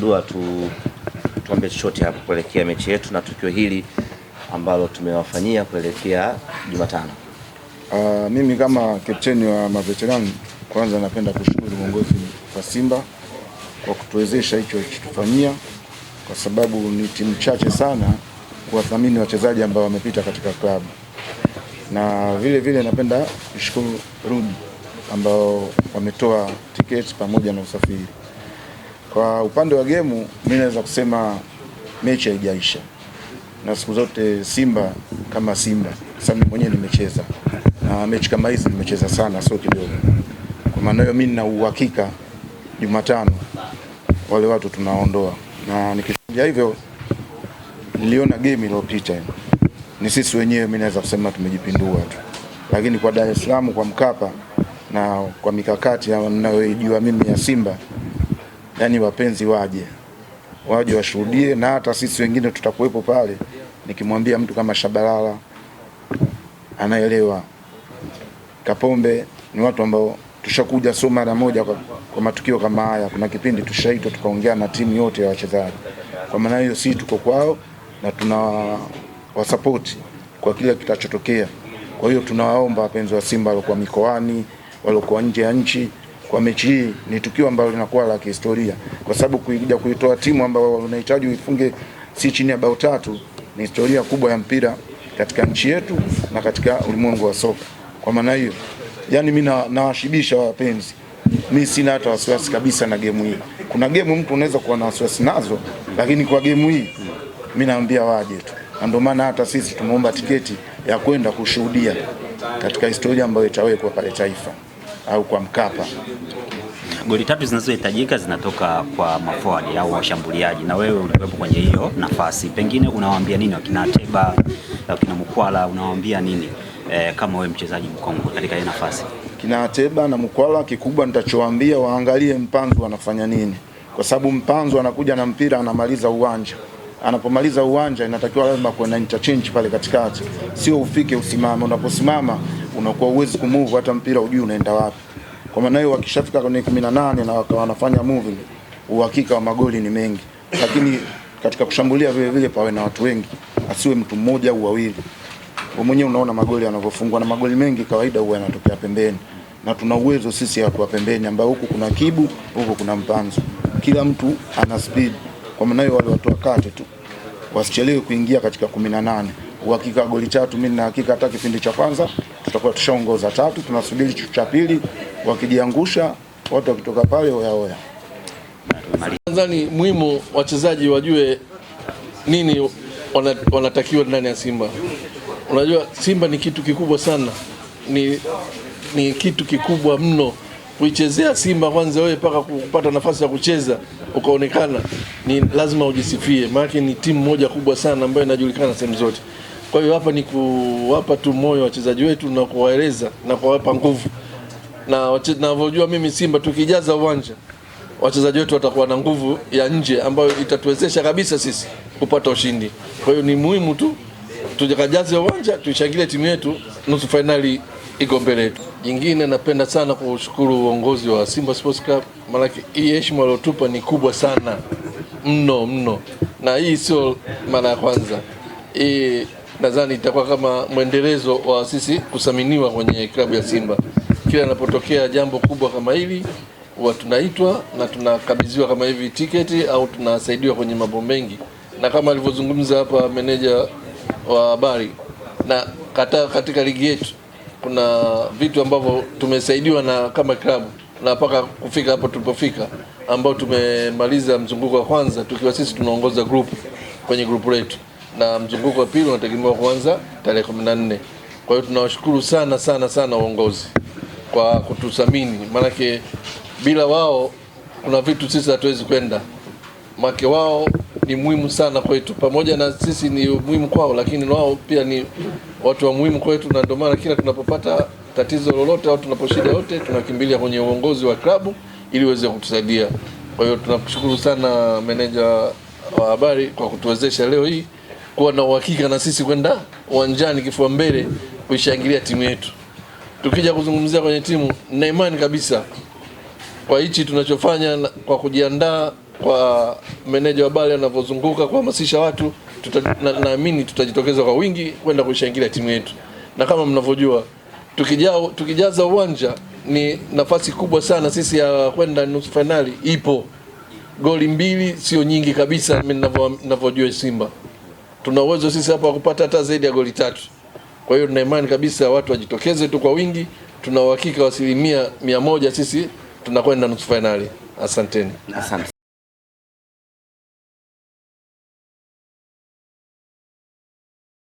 Dua tu tuombe chochote hapo kuelekea mechi yetu na tukio hili ambalo tumewafanyia kuelekea Jumatano. Uh, mimi kama kapteni wa maveteran kwanza napenda kushukuru uongozi wa Simba kwa kutuwezesha hicho kitufanyia, kwa sababu ni timu chache sana kuwathamini wachezaji ambao wamepita katika klabu, na vile vile napenda kushukuru Rudi ambao wametoa tiketi pamoja na usafiri. Kwa upande wa gemu, mimi naweza kusema mechi haijaisha, na siku zote Simba kama Simba, Sasa mimi mwenyewe nimecheza na mechi kama hizi nimecheza sana, sio kidogo. Kwa maana hiyo mimi nina uhakika Jumatano wale watu tunaondoa, na nikifikiria hivyo niliona game iliyopita ni sisi wenyewe, mimi naweza kusema tumejipindua tu, lakini kwa Dar es Salaam, kwa Mkapa na kwa mikakati ninayoijua mimi ya Simba yani wapenzi waje waje washuhudie, na hata sisi wengine tutakuwepo pale. Nikimwambia mtu kama Shabalala anaelewa, Kapombe ni watu ambao tushakuja, sio mara moja kwa, kwa matukio kama haya. Kuna kipindi tushaitwa tukaongea na timu yote ya wachezaji. Kwa maana hiyo, sisi tuko kwao na tuna wasapoti kwa kile kitachotokea. Kwa hiyo tunawaomba wapenzi wa Simba waliokuwa mikoani, waliokuwa nje ya nchi kwa mechi hii ni tukio ambalo linakuwa la kihistoria, kwa sababu kuja kuitoa timu ambayo unahitaji uifunge si chini ya bao tatu ni historia kubwa ya mpira katika nchi yetu na katika ulimwengu wa soka. Kwa maana hiyo, yani mimi nawashibisha wapenzi, mi sina hata wasiwasi kabisa na gemu hii. Kuna gemu mtu unaweza kuwa na wasiwasi nazo, lakini kwa gemu hii mi naambia waje tu, na ndio maana hata sisi tumeomba tiketi ya kwenda kushuhudia katika historia ambayo itawekwa pale Taifa au kwa Mkapa. Goli tatu zinazohitajika zinatoka kwa maforward au washambuliaji, na wewe ulikuwepo kwenye hiyo nafasi, pengine unawaambia nini wakina Teba, wakina Mkwala, unawaambia nini e, kama wewe mchezaji mkongwe katika hiyo nafasi? Kina Teba na Mkwala, kikubwa nitachowaambia waangalie Mpanzu anafanya nini, kwa sababu Mpanzu anakuja na mpira anamaliza uwanja anapomaliza uwanja inatakiwa lazima kuwe na interchange pale katikati, sio ufike usimame. Unaposimama unakuwa uwezi kumove, hata mpira ujui unaenda wapi. Kwa maana hiyo wakishafika kwenye 18 na wakawa wanafanya move, uhakika wa magoli ni mengi, lakini katika kushambulia vile vile pawe na watu wengi, asiwe mtu mmoja au wawili. Wewe mwenyewe unaona magoli yanavyofungwa, na magoli mengi kawaida huwa yanatokea pembeni, na tuna uwezo sisi hapo pembeni, ambao huku kuna Kibu, huku kuna Mpanzu, kila mtu ana speed kwa maana hiyo wale watu wakate tu wasichelewe kuingia katika kumi na nane. Uhakika goli tatu, mimi na hakika hata kipindi cha kwanza tutakuwa tushaongoza tatu, tunasubiri cha pili, wakijiangusha watu wakitoka pale oya oya. Nadhani muhimu wachezaji wajue nini wanatakiwa ndani ya Simba. Unajua Simba ni kitu kikubwa sana, ni, ni kitu kikubwa mno kuichezea Simba. Kwanza wewe mpaka kupata nafasi ya kucheza ukaonekana ni lazima ujisifie, maana ni timu moja kubwa sana ambayo inajulikana sehemu zote. Kwa hiyo hapa ni kuwapa tu moyo wachezaji wetu na kuwaeleza na kuwapa nguvu, na navyojua mimi Simba tukijaza uwanja wachezaji wetu watakuwa na nguvu ya nje ambayo itatuwezesha kabisa sisi kupata ushindi. Kwa hiyo ni muhimu tu tujakajaze uwanja, tuishangilie timu yetu, nusu fainali iko mbele yetu. Jingine napenda sana kuushukuru uongozi wa Simba Sports Club, maanake hii heshima waliotupa ni kubwa sana mno mno, na hii sio mara ya kwanza. Hii nadhani itakuwa kama mwendelezo wa sisi kusaminiwa kwenye klabu ya Simba. Kila inapotokea jambo kubwa kama hili, huwa tunaitwa na tunakabidhiwa kama hivi tiketi au tunasaidiwa kwenye mambo mengi, na kama alivyozungumza hapa meneja wa habari, na katika ligi yetu kuna vitu ambavyo tumesaidiwa na kama klabu na mpaka kufika hapo tulipofika, ambao tumemaliza mzunguko wa kwanza tukiwa sisi tunaongoza group kwenye group letu, na mzunguko wa pili unategemewa kuanza tarehe 14. Kwa hiyo tunawashukuru sana sana sana uongozi kwa kututhamini, maanake bila wao kuna vitu sisi hatuwezi kwenda, make wao ni muhimu sana kwetu, pamoja na sisi ni muhimu kwao, lakini wao pia ni watu wa muhimu kwetu, na ndio maana kila tunapopata tatizo lolote au tunaposhida yote tunakimbilia kwenye uongozi wa klabu ili uweze kutusaidia. Kwa hiyo tunakushukuru sana meneja wa habari kwa kutuwezesha leo hii kuwa na uhakika na sisi kwenda uwanjani kifua mbele kuishangilia timu yetu. Tukija kuzungumzia kwenye timu, nina imani kabisa kwa hichi tunachofanya kwa kujiandaa, kwa meneja wa habari anavyozunguka kuhamasisha watu tuta, naamini tutajitokeza kwa wingi kwenda kuishangilia timu yetu, na kama mnavyojua tukija, tukijaza uwanja ni nafasi kubwa sana sisi ya kwenda nusu fainali ipo. Goli mbili sio nyingi kabisa, ninavyojua Simba tuna uwezo sisi hapa kupata hata zaidi ya goli tatu. Kwa hiyo tuna imani kabisa watu wajitokeze tu kwa wingi, tuna uhakika wa asilimia mia moja sisi tunakwenda nusu fainali. Asanteni, asante.